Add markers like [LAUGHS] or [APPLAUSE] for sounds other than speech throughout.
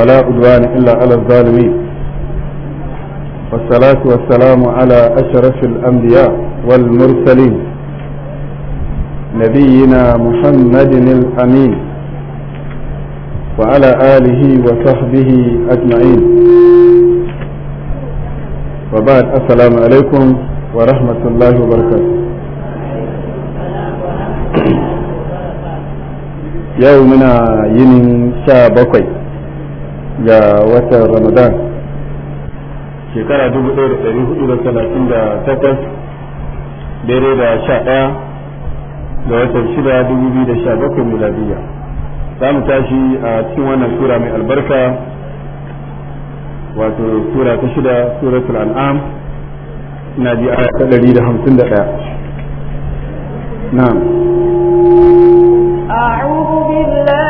ولا عدوان إلا على الظالمين والصلاة والسلام على أشرف الأنبياء والمرسلين نبينا محمد الأمين وعلى آله وصحبه أجمعين وبعد السلام عليكم ورحمة الله وبركاته يومنا ينين شابكوي ga watan ramadan shekara 1438 daidai da sha ɗaya ga watan shida 2017 miladiya za mu tashi a cikin wannan sura mai albarka wato sura ta shida suratul an'am ina ji aya ta ɗaya na'am أعوذ بالله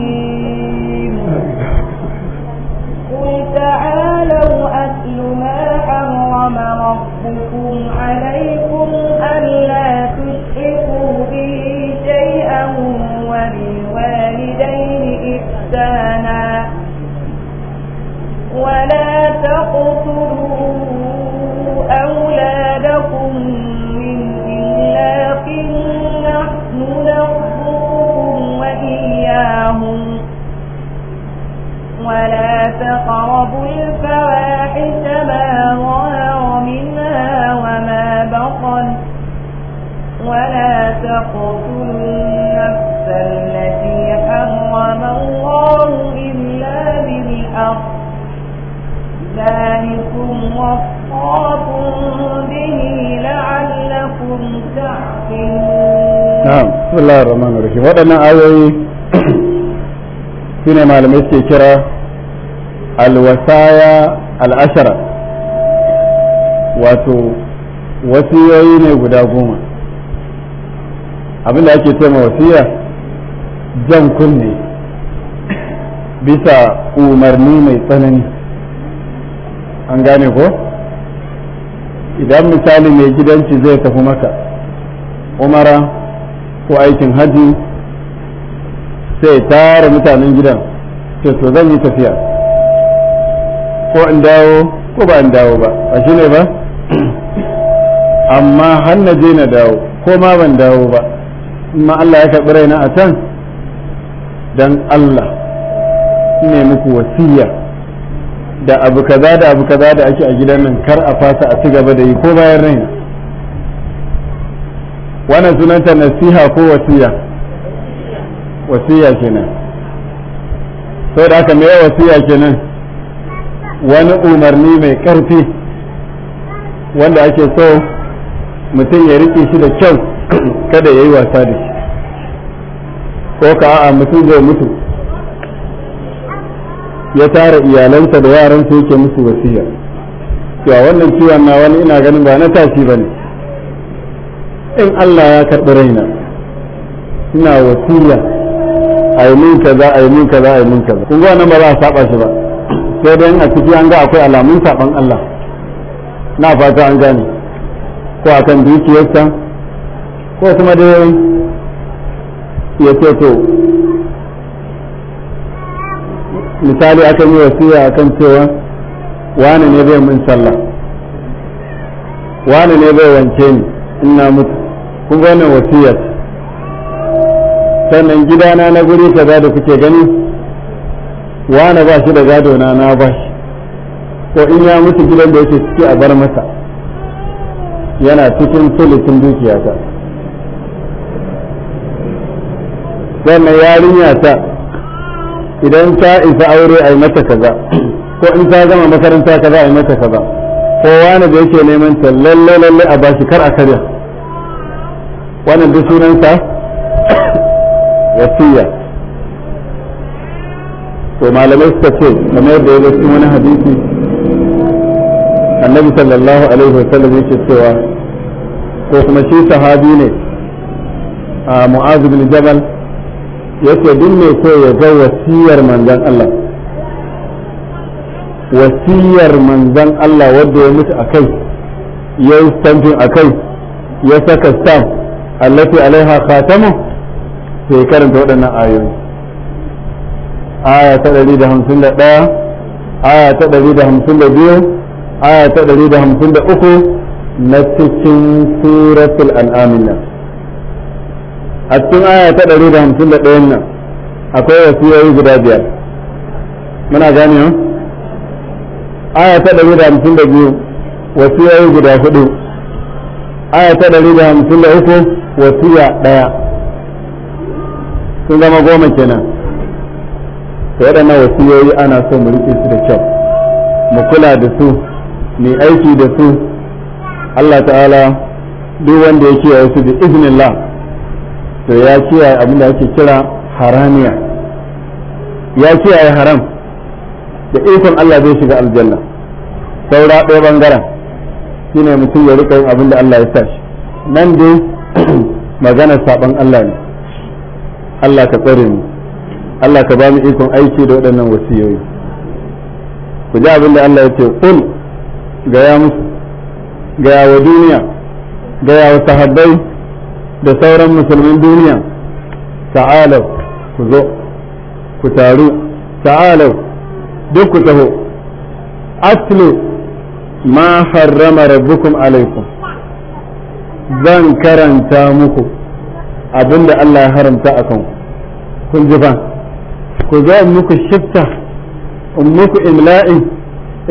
na'am bismillahir rahmanir rahim waɗannan ayoyi shine malamai suke kira alwasaya al'ashara wato wasiyoyi ne guda goma abinda ake ce wasiya jan kunne bisa umarni mai tsanani an gane ko idan misali mai gidanci zai tafi maka umara ko aikin hajji sai tara mutanen gidan ce to zan yi tafiya ko in dawo ko ba in dawo ba a shi ne ba amma har na je na dawo ko ma ban dawo ba ma Allah ya karɓi raina a can dan Allah ne muku wasiya da abu kaza da abu kaza da ake a gidan nan kar a fasa a ci gaba da yi ko bayan raina wannan sunanta nasiha ko wasiya wasiya kenan sau da aka mai wasiya kenan wani umarni mai ƙarfi wanda ake so mutum ya rike shi da kyau kada ya yi wasa da shi ko ka a mutum zai mutu ya tara iyalansa da yaransa yake musu wasiya cewa wannan ciwon na wani ina ganin ba na tashi ba ne in Allah ya karɓi raina ina wasiya a yi min kaza a yi min kaza a yi min kaza kun nan ba za a saba shi ba sai dai a ciki an ga akwai alamun saban Allah na fata an gane ko akan dukiyarsa ko kuma dai ya ce to misali akan yi wasiya akan cewa wane ne zai min sallah wane ne zai wance ni ina mutu kun ga wannan wasiyar sannan gidana na guri kaza da kuke gani wane ba shi da gado na na ba shi ko in ya mutu gidan da yake ciki a bar masa yana cikin tulisin dukiya ta sannan yarinya ta idan ta isa aure a yi mata kaza ko in ta zama makaranta kaza a yi mata kaza ko wani da yake neman ta lalle lalle a bashi kar a karya wannan duk sunansa wasiya to malamai suka ce kamar yadda ya cikin wani hadisi annabi sallallahu alaihi wa sallam yake cewa ko kuma shi sahabi ne a mu'az bin jabal yake duk mai so ya ga wasiyar manzon Allah wasiyar manzon Allah wanda ya mutu akai ya yi stamping akai ya saka stamp allati alaiha khatamu to ya karanta waɗannan ayoyi aya ta 151 aya ta 152 aya ta 153 na cikin suratul an'amin a cikin aya ta 151 nan akwai wasiyoyi guda biyar muna gane ha aya ta 152 wasiyoyi guda hudu aya ta 153 wasiya ɗaya sun zama goma kenan to waɗannan wasiyoyi ana so mu riƙe su da kyau mu kula da su mu aiki da su Allah ta'ala duk wanda ya kiyaye su izinin iznillah to ya kiyaye abin da ake kira haramiya ya kiyaye haram da ikon Allah zai shiga aljanna saura ɗaya bangaren shine mutum ya rika yin abin da Allah ya sa shi nan dai magana saban Allah ne Allah ka tsare mu Allah ka ba mu ikon aiki da waɗannan wasiyoyi ku ji abin da Allah ya ce kul gaya musu gaya wa duniya gaya wa sahabbai da sauran musulmin duniya ta'alau ku zo ku taru ta'alau duk ku taho asli ma harrama rabbukum alaikum zan karanta muku abinda Allah ya haramta a kanku kun ji ba ku zo in muku shifta in muku imla'i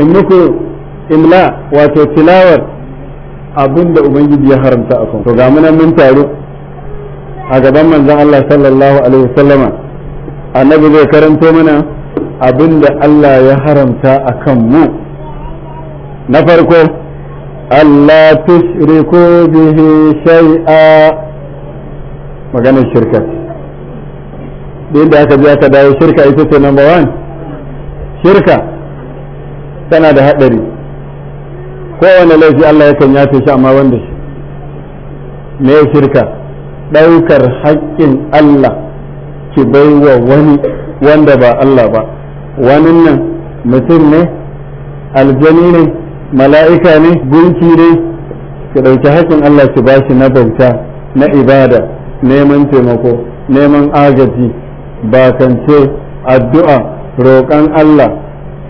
in muku imla wato tilawar abinda ubangiji ya haramta a kanku to ga munan mun taro a gaban manzon Allah sallallahu alaihi wasallama annabi zai karanto mana abinda Allah ya haramta a kan mu na farko ألا تشركوا به shirka مكان الشركة دين ده كبيرة da شركة إتوتي نمبر وان شركة تنا ده هدري kowane laifi Allah yakan yafe shi amma wanda shi me shirka ɗaukar haƙƙin Allah ki baiwa wani wanda ba Allah ba wani mutum ne aljani ne mala'ika ne gunki ne ki ɗauki hakkin Allah ki ba shi na bauta na ibada neman taimako neman agaji bakance addu'a roƙon Allah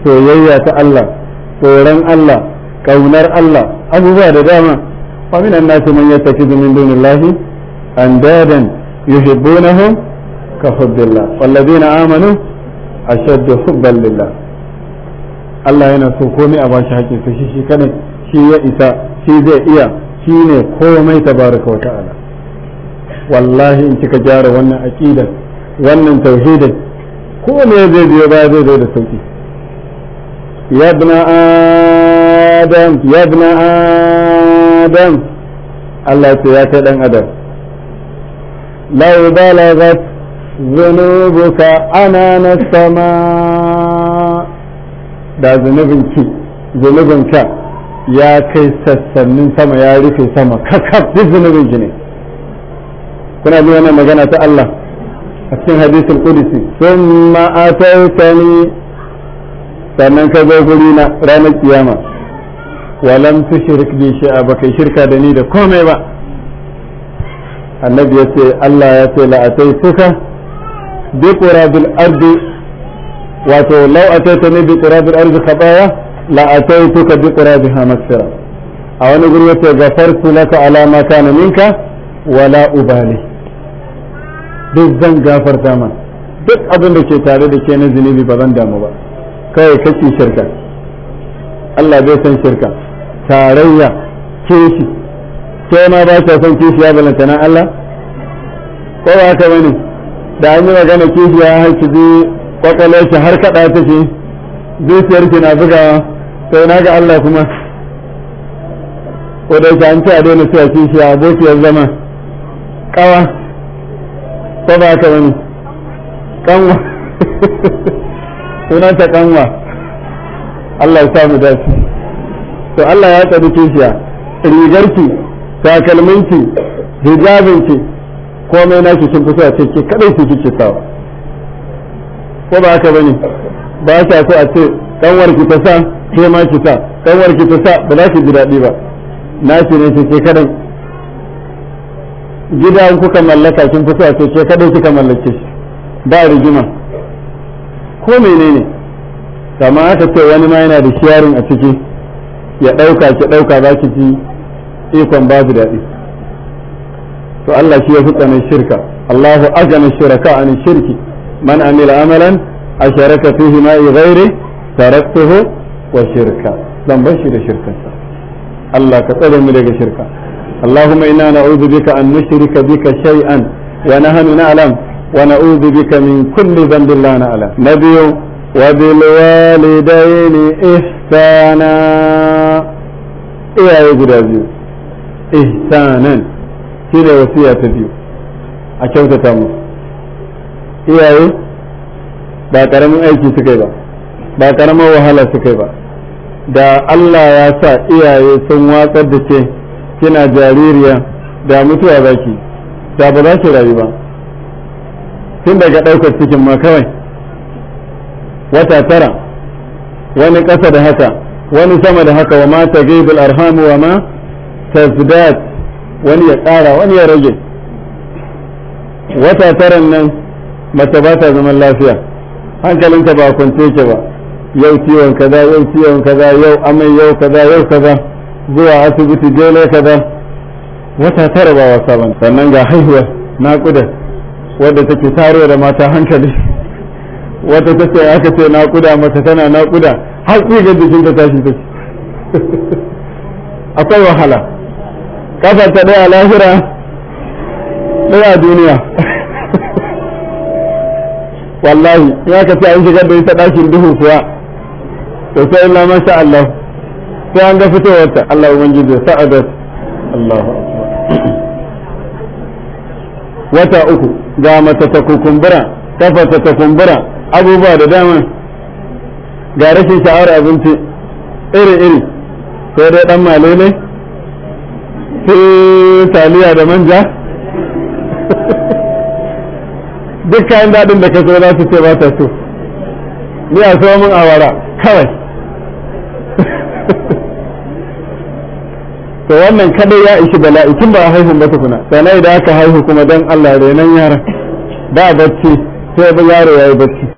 soyayya ta Allah tsoron Allah ƙaunar Allah abubuwa da dama ومن الناس من يتخذ من دون الله أندادا يحبونهم كحب الله والذين آمنوا أشد حبا لله Allah yana so komai a bashi haƙƙin sa shi shi kane shi ya isa shi zai iya shi ne komai tabaraka wa ta'ala wallahi in kika gyara wannan aqidar wannan tauhidin komai zai biyo ba zai zo da sauki ya ibn adam ya ibn adam Allah ya kai dan adam la balagat ana na السماء da zunubin ka ya kai sassanin sama ya rufe sama kakaf duk zunubin ki ne kuna ji wannan magana ta Allah a cikin hadisul qudsi thumma ataytani sannan ka zo guri na ranar kiyama walam tushrik bi shay'a ba shirka da ni da komai ba annabi ya ce Allah ya ce la ataytuka bi qurabil ardi wato taita ne bi qurabil arzi khataya la ka bi qurabiha hamasira a wani guri yace ghafartu laka alama ta na ninka wala ubali duk zan gafarta ma duk abin da ke tare da ke na zunubi ba zan damu ba kawai kake shirka Allah zai san shirka tarayya kishi sai ma ba ka san kishi ya balanta na Allah ko ba haka bane da an yi magana kishi ya zai kwakwalwar shi har kaɗa take zuciyar ki na bugawa sai na ga Allah kuma ko dai an ce a daina cewa a abokiyar zama kawa ko ba ka wani kanwa [LAUGHS] ta kanwa Allah ya samu dace to Allah ya tsari kishiya rigarki takalminki hijabinki komai shi sun fi so a ce ke kadai ki kike sawa ko ba haka bane ba sa so a ce dan warki ta sa ke ma ki sa dan warki ta sa ba za ki ji daɗi ba na ce ne ce kadan gida kuka mallaka kin fi so a ce ke kadai kika mallake shi ba rigima ko menene kamar aka ce wani ma yana da sharing a ciki ya ɗauka ki ɗauka za ki ji ikon ba ji daɗi to Allah shi ya fi tsanin shirka Allahu ajana shiraka an shirki man amila amalan asharaka fihi ma ghairi taraktuhu wa shirka dan bashi da shirkarsa Allah ka tsare mu daga shirka اللهم إنا نعوذ بك أن نشرك بك شيئا ونحن نعلم ونعوذ بك من كل ذنب لا نعلم نبي وبالوالدين إحسانا إيه يا إحسانا شنو وصية تبيو أشوفت تامو iyaye ba karamin aiki suka yi ba ba karamin wahala suka yi ba da Allah ya sa iyaye sun watsar da ke kina jaririya da mutuwa ki da ba za ki rayu ba tun daga ɗaukar cikin ma kawai wata tara wani ƙasa da haka wani sama da haka wa ma ta gaibul arhamu wa ma tazdat wani ya ƙara wani ya rage wata tara nan mace ba ta zaman lafiya hankalinta ba kwance ke ba yau ciwon kaza yau ciwon kaza yau amai yau kaza yau kaza zuwa asibiti dole kaza wata tara ba wasa ba sannan ga haihuwa naƙuda wadda take tare da mata hankali wata ta ce aka ce naƙuda mata tana naƙuda har tsigar ta tashi take [LAUGHS] akwai wahala kafa ta ɗaya lahira ɗaya duniya wallahi ya aka ce an shigar da ita ɗakin duhu kuwa to sai Allah ma sha Allah sai an ga fitowarta Allah ubangiji sa'adat Allahu wata uku ga mata ta kukumbura kafa ta kumbura abubuwa da dama ga rashin sha'awar abinci iri-iri sai dai dan ne sai taliya da manja [LAUGHS] duk kayan daɗin da ka so za su ce ba ta so ni a so min awara kawai [LAUGHS] to wannan kadai ya ishi bala'i tun ba haihu ba tukuna sanai da aka haihu kuma dan Allah renan yaran ba bacci sai ba yaro yayi bacci